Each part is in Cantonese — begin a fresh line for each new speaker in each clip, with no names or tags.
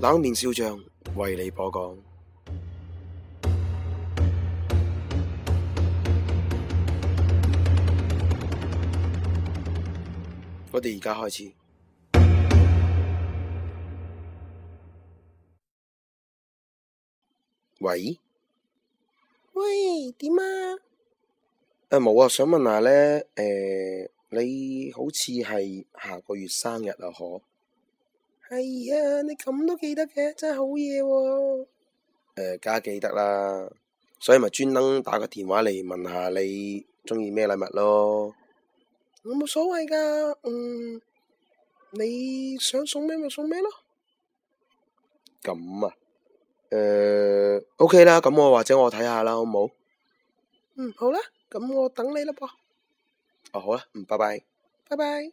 冷面少將為你播講， 我哋而家開始。 喂？喂？點啊？誒、啊，冇啊，想問下咧，誒、呃，你好似係下個月生日啊，可？哎呀，你咁都記得嘅，真係好嘢喎、哦！誒、呃，梗係記得啦，所以咪專登打個電話嚟問下你中意咩禮物咯。我冇所謂噶，嗯，你想送咩咪送咩咯。咁啊，誒、呃、，OK 啦，咁我或者我睇下啦，好冇？嗯，好啦，咁我等你啦噃。哦，好啦，嗯，拜拜，拜拜。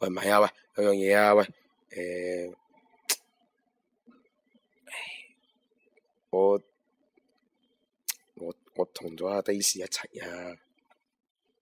喂，唔係啊喂，有、欸啊、樣嘢啊，啊，啊，啊蛋蛋喂，誒、啊，我我我同咗阿 Daisy 一齊啊，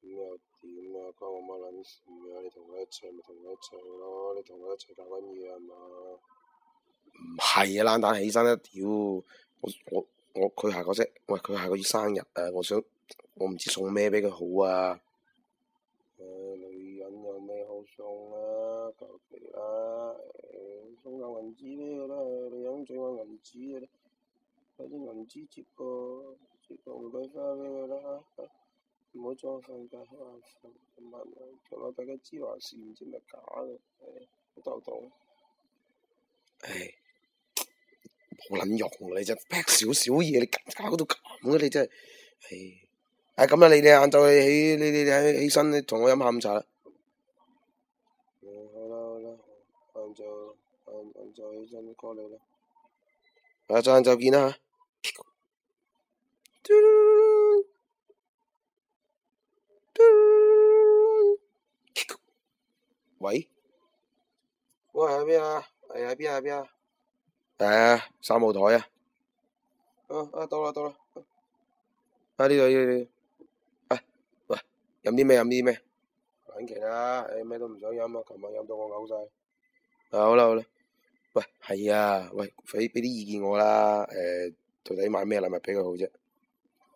咁又點啊，關我乜撚事啊，你同佢一齊咪同佢一齊咯，你同佢一齊搞乜嘢係嘛？唔係啊，冷淡起身啦屌，我我我佢下個星喂，佢下個月生日誒，我想我唔知送咩畀佢好啊。銀紙啊！俾啲銀紙接過，接過玫瑰花俾我啦吓，唔好裝瞓覺吓，唔係唔係，同我大家知話事唔先咪假嘅，我頭痛。唉，冇卵用你，就劈少少嘢，你搞到咁啊！你真係，唉，咁啦，你哋晏晝你你你哋起身，你同我飲下午茶啦。嗯，好啦好啦，晏晝晏晏晝起身過嚟啦。啊，陣間再見啦。喂，喂喺邊啊？喺邊啊？邊啊？係啊，三號台啊。啊，到啦到啦。啊，呢度呢度，哎喂，飲啲咩？飲啲咩？番茄啊，咩都唔想飲啊，琴晚飲到我嘔晒。好啦好啦。喂，係啊！喂，俾俾啲意見我啦。誒，到底買咩禮物俾佢好啫？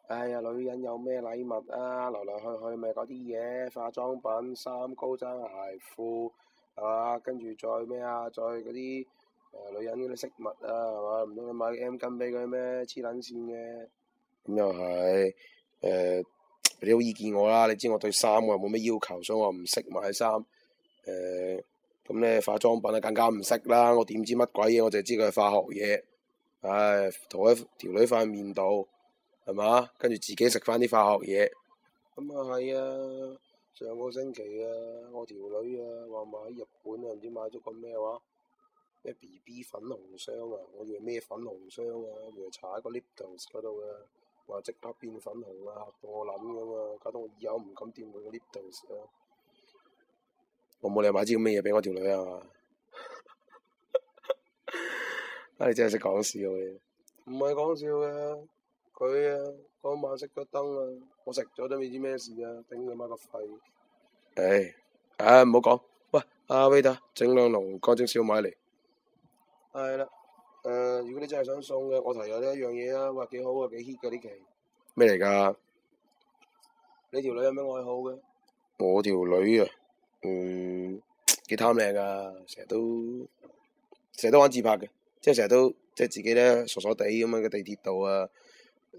哎呀，女人有咩禮物啊？來來去去咪嗰啲嘢，化妝品、衫、高踭鞋、褲，係嘛？跟住再咩啊？再嗰啲誒女人嗰啲飾物啊，係嘛？唔通你買 M 巾俾佢咩？黐撚線嘅。咁又係，誒，俾啲好意見我啦。你知我對衫我又冇咩要求，所以我唔識買衫。誒。咁咧化妝品更加唔識啦！我點知乜鬼嘢？我就知佢係化學嘢。唉，塗喺條女塊面度，係嘛？跟住自己食翻啲化學嘢。咁啊係啊！上個星期啊，我條女啊話買日本啊，唔知買咗個咩話，啊，咩 B B 粉紅霜啊？我以為咩粉紅霜啊？以為搽喺嗰 lip gloss 嗰度啊，話即刻變粉紅啊！嚇到我諗咁啊，搞到我以後唔敢掂佢個 lip gloss 啦。我冇 你、啊、我買支咁嘅嘢畀我條女啊！啊，你真係識講笑嘅。唔係講笑嘅，佢啊，嗰晚熄咗燈啊，我食咗都未知咩事啊，頂佢媽個肺！唉，唉唔好講。喂，阿 Vita，整兩籠乾蒸燒賣嚟。係啦，誒、呃，如果你真係想送嘅，我提有呢一樣嘢啊，話幾好啊，幾 heat 噶呢期。咩嚟噶？你條女有咩愛好嘅？我條女啊。.嗯，幾貪靚噶，成日都成日都玩自拍嘅，即係成日都即係自己咧傻傻地咁樣嘅地鐵度啊、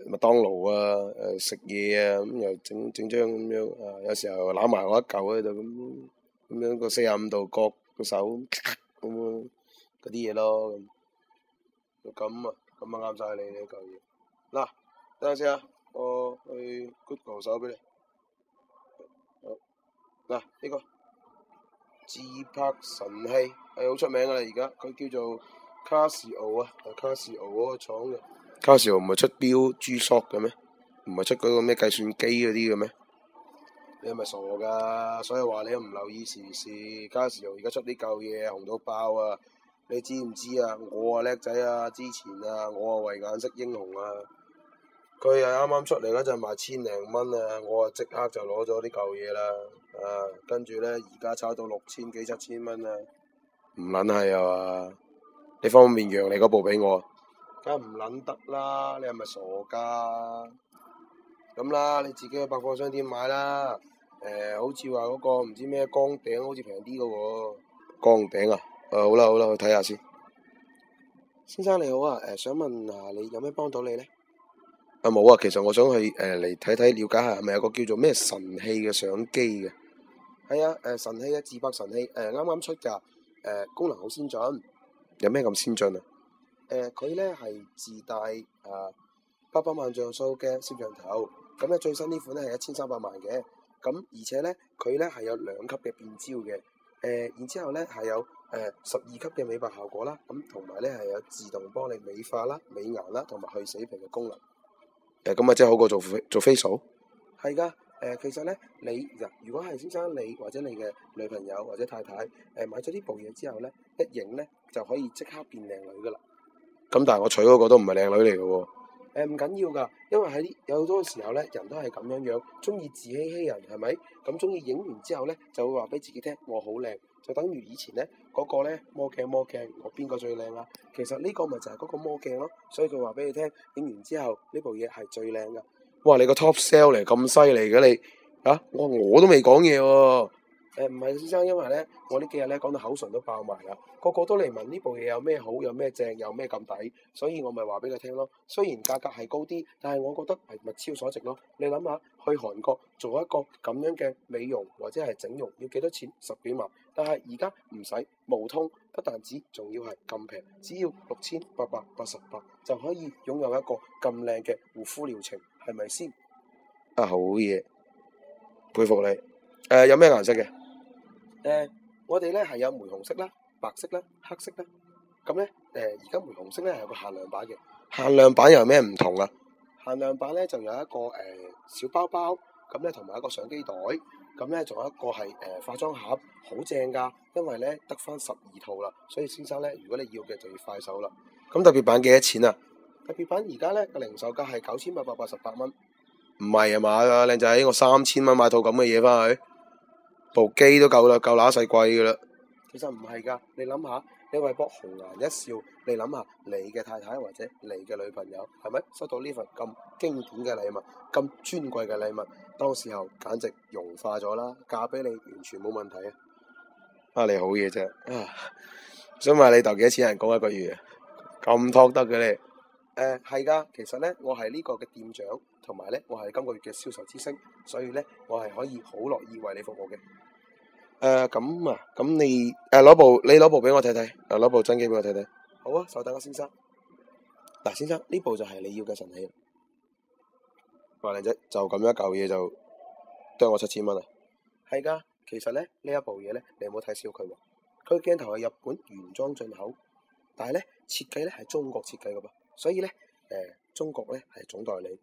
麥當勞啊、誒，食嘢啊咁又整整張咁樣啊，有時候攬埋我一嚿喺度咁，咁樣個四十五度角個手咁樣嗰啲嘢咯。就咁啊，咁啊啱曬你呢嚿嘢。嗱，等下先啊，我去 cut 個手俾你。好，嗱呢個。自拍神器係好、哎、出名噶啦，而家佢叫做、啊啊、卡士歐啊，卡士歐嗰個廠嘅。卡士歐唔係出表 G Shock 嘅咩？唔係出嗰個咩計算機嗰啲嘅咩？你係咪傻噶？所以話你都唔留意時事，卡士歐而家出啲舊嘢紅到爆啊！你知唔知啊？我啊叻仔啊，之前啊，我啊為眼識英雄啊，佢係啱啱出嚟嗰陣賣千零蚊啊，我啊即刻就攞咗啲舊嘢啦。誒，跟住咧，而家炒到六千幾七千蚊啦，唔捻係啊！你方便讓你嗰部俾我？梗係唔捻得啦！你係咪傻噶？咁啦，你自己去百貨商店買啦。誒、呃，好似話嗰個唔知咩鋼頂，光好似平啲嘅喎。鋼頂啊！誒、啊，好啦好啦，我睇下先。先生你好啊！誒、呃，想問下、呃、你有咩幫到你咧？阿冇啊，啊，其實我想去誒嚟睇睇了解下，係咪有個叫做咩神器嘅相機嘅？係啊，誒、呃，神器啊，自拍神器，誒、呃，啱啱出噶，誒、呃，功能好先進，有咩咁先進啊？誒、呃，佢咧係自帶啊八百萬像素嘅攝像頭，咁、呃、咧最新呢款咧係一千三百萬嘅，咁、呃、而且咧佢咧係有兩級嘅變焦嘅，誒、呃，然之後咧係有誒十二級嘅美白效果啦，咁同埋咧係有自動幫你美化啦、美顏啦同埋去死皮嘅功能。誒、呃，咁啊，即係好過做做 facial？係噶。誒、呃、其實咧，你人如果係先生你或者你嘅女朋友或者太太誒、呃、買咗呢部嘢之後咧，一影咧就可以即刻變靚女噶啦。咁但係我娶嗰個都唔、哦呃、係靚女嚟嘅喎。誒、唔緊要噶，因為喺有好多時候咧，人都係咁樣樣，中意自欺欺人，係咪？咁中意影完之後咧，就會話俾自己聽，我好靚。就等於以前咧，嗰、那個咧魔鏡魔鏡，我邊個最靚啊？其實呢個咪就係嗰個魔鏡咯，所以佢話俾你聽，影完之後呢部嘢係最靚嘅。哇，你個 top sale 嚟咁犀利嘅你，啊！我我都未講嘢喎。誒、呃，唔係先生，因為呢，我幾呢幾日咧講到口唇都爆埋啦，個個都嚟問呢部嘢有咩好，有咩正，有咩咁抵，所以我咪話俾佢聽咯。雖然價格係高啲，但係我覺得係物超所值咯。你諗下去韓國做一個咁樣嘅美容或者係整容要幾多錢？十幾萬，但係而家唔使無通，不但止，仲要係咁平，只要六千八百八十八就可以擁有一個咁靚嘅護膚療程。係咪先？是是啊，好嘢，佩服你。誒、呃，有咩顏色嘅？誒、呃，我哋咧係有玫紅色啦、白色啦、黑色啦。咁、嗯、咧，誒、呃，而家玫紅色咧係有個限量版嘅。限量版有咩唔同啊？限量版咧就有一個誒、呃、小包包，咁咧同埋一個相機袋，咁咧仲有一個係誒、呃、化妝盒，好正噶。因為咧得翻十二套啦，所以先生咧，如果你要嘅就要快手啦。咁特別版幾多錢啊？特別品而家呢個零售價係九千八百八十八蚊。唔係啊嘛，靚仔，我三千蚊買套咁嘅嘢翻去，部機都夠啦，夠乸細貴噶啦。其實唔係噶，你諗下，你為博紅顏一笑，你諗下你嘅太太或者你嘅女朋友，係咪收到呢份咁經典嘅禮物、咁尊貴嘅禮物，當時候簡直融化咗啦，嫁俾你完全冇問題啊！啊，你好嘢啫，啊，想問你頭幾多錢人工一個月啊？咁拖得嘅你？誒，係噶、呃，其實咧，我係呢個嘅店長，同埋咧，我係今個月嘅銷售之星，所以咧，我係可以好樂意為你服務嘅。誒、呃、咁、嗯、啊、咁、嗯嗯、你誒攞、呃、部，你攞部俾我睇睇，誒攞部真機俾我睇睇。好啊，稍等啊，先生。嗱，先生，呢部就係你要嘅神器。嘩，靚仔，就咁樣一嚿嘢就得我七千蚊啊！係噶，其實咧呢一部嘢咧，你唔好睇少佢喎。佢鏡頭係日本原裝進口，但係咧，設計咧係中國設計嘅噃。所以咧，誒、呃、中國咧係總代理，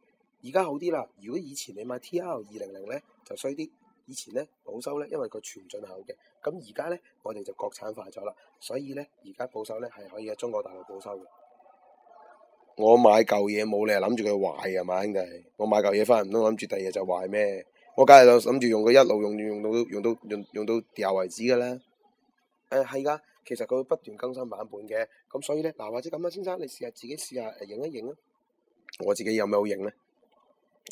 而家好啲啦。如果以前你買 TR 二零零咧就衰啲，以前咧保修咧，因為佢全進口嘅，咁而家咧我哋就國產化咗啦。所以咧，而家保修咧係可以喺中國大陸保修嘅。我買舊嘢冇，你係諗住佢壞呀嘛，兄弟？我買舊嘢翻唔到，諗住第二日就壞咩？我梗係就諗住用佢一路用用到用，用到用到掉為止嘅啦。誒、呃，係而其實佢會不斷更新版本嘅，咁所以咧，嗱或者咁啊，先生，你試下自己試下誒影一影啦。我自己有咩好影咧？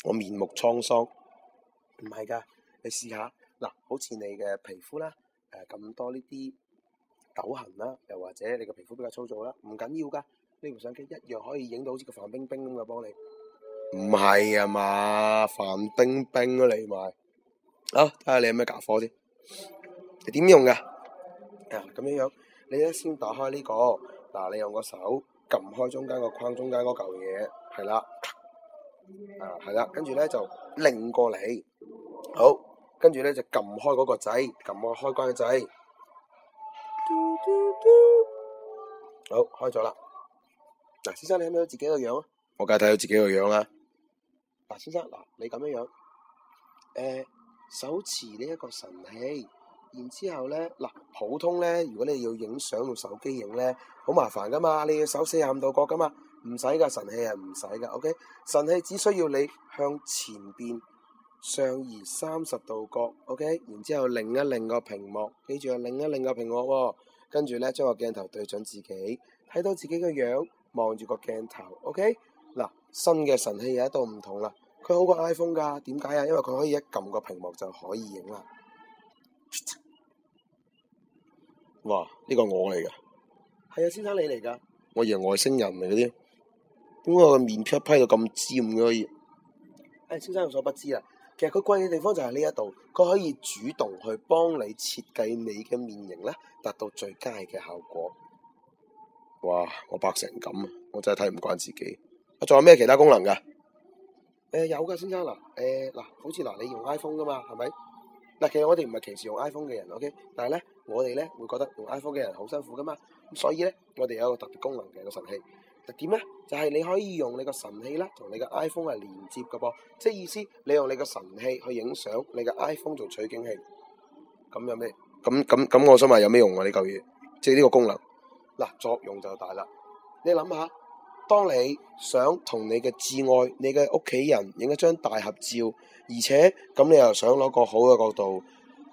我面目滄桑。唔係噶，你試下嗱，好似你嘅皮膚啦，誒咁多呢啲痘痕啦，又或者你嘅皮膚比較粗糙啦，唔緊要噶，呢部相機一樣可以影到好似個范冰冰咁嘅幫你。唔係啊嘛，范冰冰嚟埋，好睇下你有咩假貨先。你點用噶？咁樣樣，你咧先打開呢個，嗱，你用個手撳開中間個框，中間嗰嚿嘢係啦，啊係啦，跟住咧就擰過嚟，好，跟住咧就撳開嗰個掣，撳開開關嘅掣，嘟嘟嘟，好開咗啦。嗱，先生你睇唔睇到自己個樣啊？我梗係睇到自己個樣啦。嗱，先生嗱，你咁樣樣，誒，手持呢一個神器。然之後呢，嗱普通呢，如果你要影相用手機影呢，好麻煩噶嘛，你要手四十五度角噶嘛，唔使噶神器係，唔使噶，OK，神器只需要你向前邊上移三十度角，OK，然之後擰一擰個屏幕，記住啊，擰一擰個屏幕喎，哦，跟住呢，將個鏡頭對準自己，睇到自己嘅樣，望住個鏡頭，OK，嗱新嘅神器有一度唔同啦，佢好過 iPhone 噶，點解啊？因為佢可以一撳個屏幕就可以影啦。哇！呢個我嚟㗎？係啊，先生你嚟噶，我以為外星人嚟嗰啲，點解個面皮批到咁尖嘅？誒、哎，先生有所不知啦，其實佢貴嘅地方就係呢一度，佢可以主動去幫你設計你嘅面型咧，達到最佳嘅效果。哇！我白成咁啊，我真係睇唔慣自己。啊，仲有咩其他功能噶？誒、呃，有噶，先生嗱，誒、呃、嗱、呃，好似嗱、呃、你用 iPhone 噶嘛，係咪？嗱，其實我哋唔係歧視用 iPhone 嘅人，OK？但係咧。我哋咧會覺得用 iPhone 嘅人好辛苦噶嘛，咁所以咧我哋有個特別功能嘅個神器，就點咧？就係、是、你可以用你個神器啦，同你嘅 iPhone 係連接嘅噃，即係意思你用你個神器去影相，你嘅 iPhone 做取景器，咁有咩？咁咁咁，我想問有咩用啊？呢嚿嘢即係呢個功能，嗱作用就大啦。你諗下，當你想同你嘅至愛、你嘅屋企人影一張大合照，而且咁你又想攞個好嘅角度，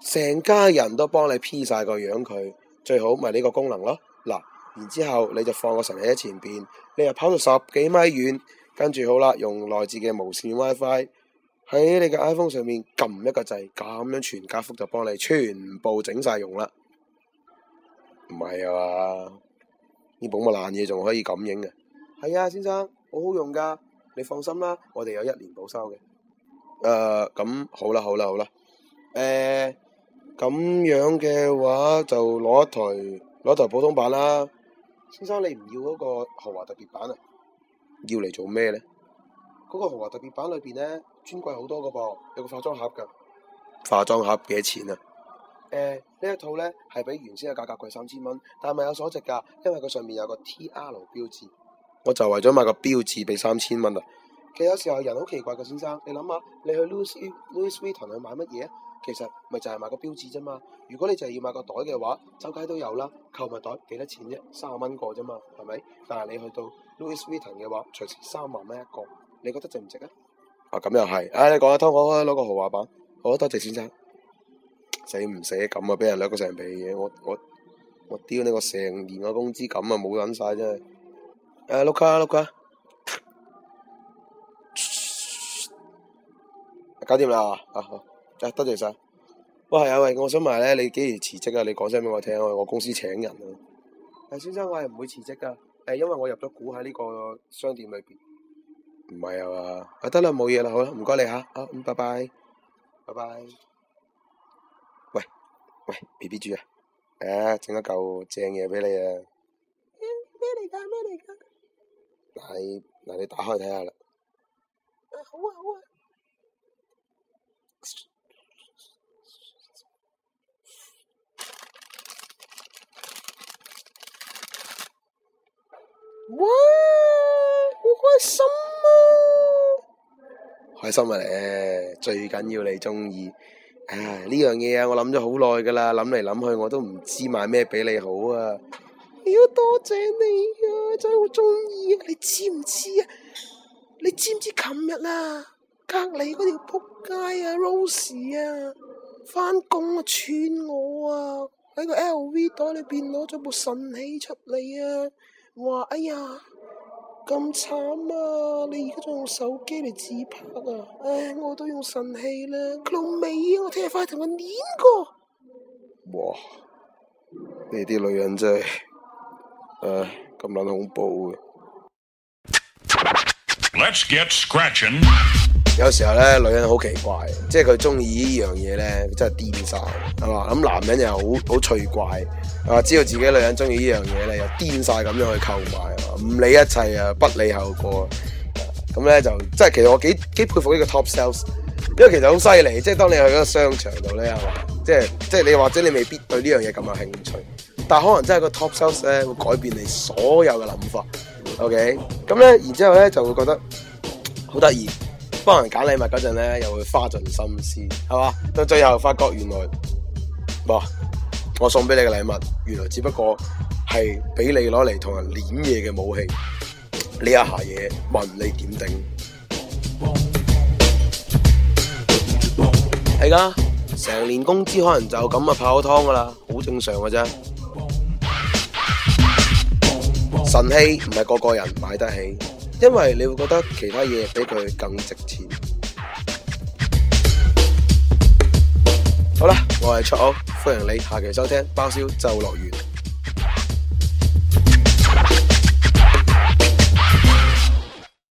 成家人都幫你 P 晒個樣佢，最好咪呢個功能咯。嗱，然之後你就放個神器喺前邊，你又跑到十幾米遠，跟住好啦，用內置嘅無線 WiFi 喺你嘅 iPhone 上面撳一個掣，咁樣全家福就幫你全部整晒用啦。唔係啊嘛，呢部咁爛嘢仲可以咁影嘅？係啊，先生，好好用噶，你放心啦，我哋有一年保修嘅。誒、呃，咁好啦，好啦，好啦，誒。呃咁樣嘅話，就攞一台攞台普通版啦。先生，你唔要嗰個豪華特別版啊？要嚟做咩呢？嗰個豪華特別版裏邊呢，專櫃好多個噃，有個化妝盒噶。化妝盒幾錢啊？誒、欸，呢一套呢，係比原先嘅價格貴三千蚊，但係物有所值㗎，因為佢上面有個 TR 標誌，我就為咗買個標誌，俾三千蚊啊！其實有時候人好奇怪㗎，先生，你諗下，你去 Louis, Louis Vuitton 去買乜嘢？其實咪就係買個標誌啫嘛，如果你就係要買個袋嘅話，周街都有啦，購物袋幾多錢啫，三十蚊個啫嘛，係咪？但係你去到 Louis Vuitton 嘅話，隨時三萬蚊一個，你覺得值唔值啊？啊，咁又係，哎，你講下，偷我攞個豪華版，好多謝先生。死唔死啊？咁啊，俾人掠個成皮嘢，我我我丟你個成年嘅工資，咁啊冇諗晒真係。誒，碌卡，碌卡。搞掂啦，啊得，多、啊、謝晒。喂係啊喂，我想問咧，你幾時辭職啊？你講聲俾我聽，我公司請人啊。誒、哎，先生，我係唔會辭職噶。誒、哎，因為我入咗股喺呢個商店裏邊。唔係啊嘛，啊得啦，冇嘢啦，好啦，唔該你吓、啊，啊咁，拜拜，拜拜。喂喂，B B G 啊，誒，整一嚿正嘢俾你啊。咩嚟噶？咩嚟噶？嗱，嗱你打開睇下啦。好啊，好啊。哇！好開心啊！開心啊！誒，最緊要你中意。唉，呢樣嘢啊，我諗咗好耐噶啦，諗嚟諗去，我都唔知買咩俾你好啊。要多謝你啊！真係好中意啊！你知唔知啊？你知唔知？琴日啊，隔籬嗰條撲街啊，Rose 啊，翻工啊，串我啊，喺個 LV 袋裏邊攞咗部神器出嚟啊！話哎呀，咁慘啊！你而家仲用手機嚟自拍啊？唉、哎，我都用神器啦，佢老味啊！我聽日快同佢捻過。哇！呢啲女人真係，唉、呃，咁捻恐怖嘅。Let's get scratching。有時候咧，女人好奇怪，即係佢中意呢樣嘢咧，真係癲晒，係嘛？咁男人又好好趣怪，啊，知道自己女人中意呢樣嘢咧，又癲晒咁樣去購買，唔理一切啊，不理後果，咁咧就即係其實我幾幾佩服呢個 top sales，因為其實好犀利，即係當你去一個商場度咧，係嘛？即係即係你或者你未必對呢樣嘢咁有興趣，但係可能真係個 top sales 咧會改變你所有嘅諗法，ok？咁咧，然之後咧就會覺得好得意。幫人揀禮物嗰陣咧，又會花盡心思，係嘛吧？到最後發覺原來，哇！我送俾你嘅禮物，原來只不過係俾你攞嚟同人捻嘢嘅武器。呢一下嘢，問你點頂？係噶，成 年工資可能就咁啊，泡湯噶啦，好正常噶啫。 神器唔係個個人買得起。因為你會覺得其他嘢比佢更值錢。 好啦，我係出歐歡迎你，下期收聽包燒就樂園。